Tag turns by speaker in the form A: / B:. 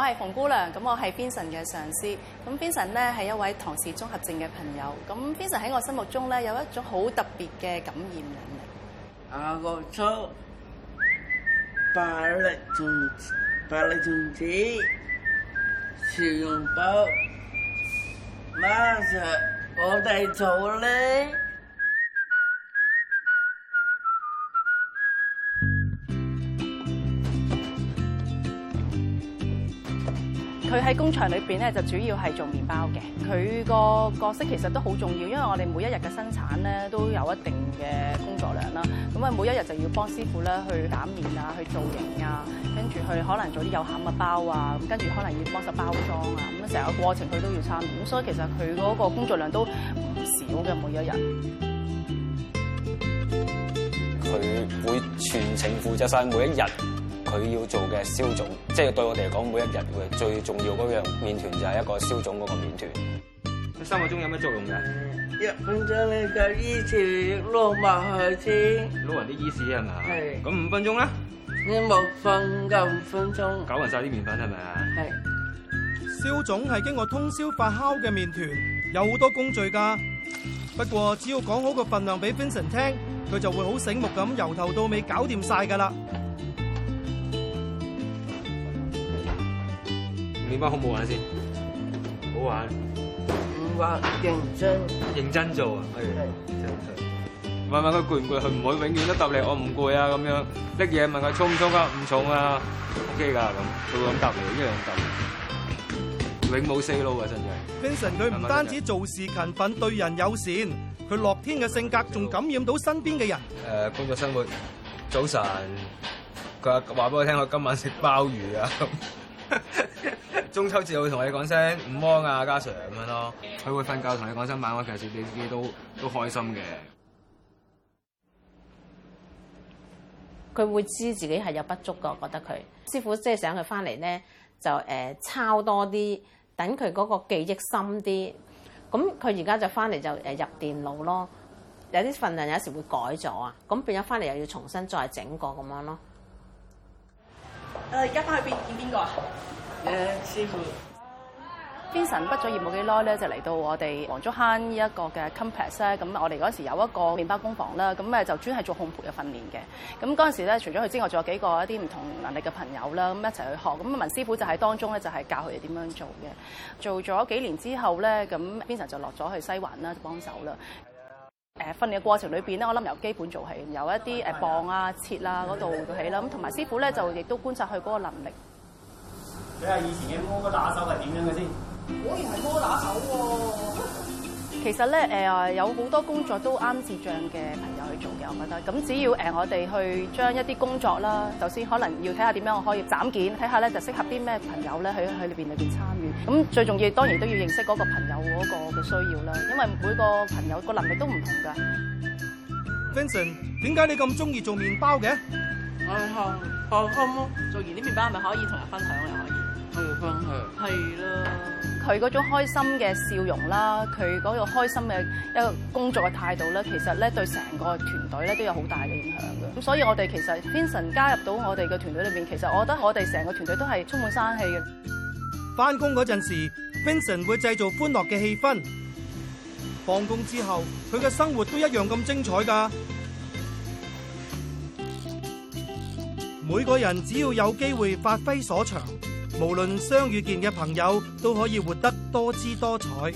A: 我係馮姑娘，咁我係 Vincent 嘅上司，咁 Vincent 咧係一位唐氏綜合症嘅朋友，咁 Vincent 喺我心目中咧有一種好特別嘅感染力。阿個操！百力粽，百力粽子，小熊包，馬 Sir 我哋做呢？佢喺工場裏邊咧，就主要係做麵包嘅。佢個角色其實都好重要，因為我哋每一日嘅生產咧都有一定嘅工作量啦。咁啊，每一日就要幫師傅咧去攪麵啊，去造型啊，跟住去可能做啲有餡嘅包啊，咁跟住可能要幫手包裝啊。咁啊，成個過程佢都要參與。咁所以其實佢嗰個工作量都唔少嘅。每一日，
B: 佢會全程負責晒每一日。佢要做嘅消腫，即係對我哋嚟講，每一日嘅最重要嗰樣麵團就係一個消腫嗰個麵團。
A: 三個鐘有咩作用嘅？一分鐘咧就依次撈埋去先。撈人啲意思係嘛？係。咁五分鐘啦，你冇瞓夠五分鐘。攪匀晒啲麵粉係咪啊？
B: 係。消腫係經過通宵發酵嘅麵團，有好多工序噶。不過只要講好個份量俾 Vincent 聽，佢就會好醒目咁由頭到尾搞掂晒噶啦。你班好唔好玩先？好
A: 玩。唔玩！認真，
B: 認真做啊。係。問問佢攰唔攰？佢唔會永遠都答你：我啊「我唔攰啊咁樣。拎嘢問佢重唔重啊？唔重啊。OK 㗎咁，佢會咁答你一樣答。永冇 say no 啊，真係。Vincent 佢唔單止做事勤奮，對人友善，佢樂天嘅性格仲感染到身邊嘅人。誒、呃、工作生活，早晨，佢話，話俾我聽，我今晚食鮑魚啊。 中秋節我會同你講聲午安啊，家常咁樣咯，佢會瞓覺同你講聲晚安，其實你自己都都開心嘅。
A: 佢會知自己係有不足噶，我覺得佢師傅即係想佢翻嚟咧，就誒、呃、抄多啲，等佢嗰個記憶深啲。咁佢而家就翻嚟就誒入電腦咯，有啲份量有時會改咗啊，咁變咗翻嚟又要重新再整過咁樣咯。誒，而家翻去邊見邊個啊？誒，師傅。Vincent 畢咗業冇幾耐咧，就嚟到我哋黃竹坑依一個嘅 complex 咧。咁我哋嗰陣時有一個麵包工房啦，咁誒就專係做烘焙嘅訓練嘅。咁嗰陣時咧，除咗佢之外，仲有幾個一啲唔同能力嘅朋友啦，咁一齊去學。咁阿文師傅就喺當中咧，就係、是、教佢哋點樣做嘅。做咗幾年之後咧，咁 Vincent 就落咗去西環啦，就幫手啦。誒，訓練嘅過程裏面，咧，我諗由基本做起，由一啲誒磅啊、切啊嗰度做起啦。咁同埋師傅咧就亦都觀察佢嗰個能力。
B: 睇下以前嘅摩打手係點樣
A: 嘅先。果然係摩打手喎、啊。其實咧、呃、有好多工作都啱智障嘅。仲有，覺得咁只要誒，我哋去將一啲工作啦，首先可能要睇下點樣我可以斬件，睇下咧就適合啲咩朋友咧喺喺裏邊裏邊參與。咁最重要當然都要認識嗰個朋友嗰個嘅需要啦，因為每個朋友個能力都唔同㗎。Vincent，點解你咁中意做麵包嘅？啱啱做完啲麵包，係咪可以同人分享嚟可以？可以分享。係啦。佢嗰種開心嘅笑容啦，佢嗰個開心嘅一個工作嘅態度咧，其實咧對成個團隊咧都有好大嘅影響嘅。咁所以我哋其實 Vincent 加入到我哋嘅團隊裏面，其實我覺得我哋成個團隊都係充滿生氣嘅。
B: 翻工嗰陣時，Vincent 會製造歡樂嘅氣氛。放工之後，佢嘅生活都一樣咁精彩㗎。每個人只要有機會發揮所長，無論相遇見嘅朋友，都可以活得多姿多彩。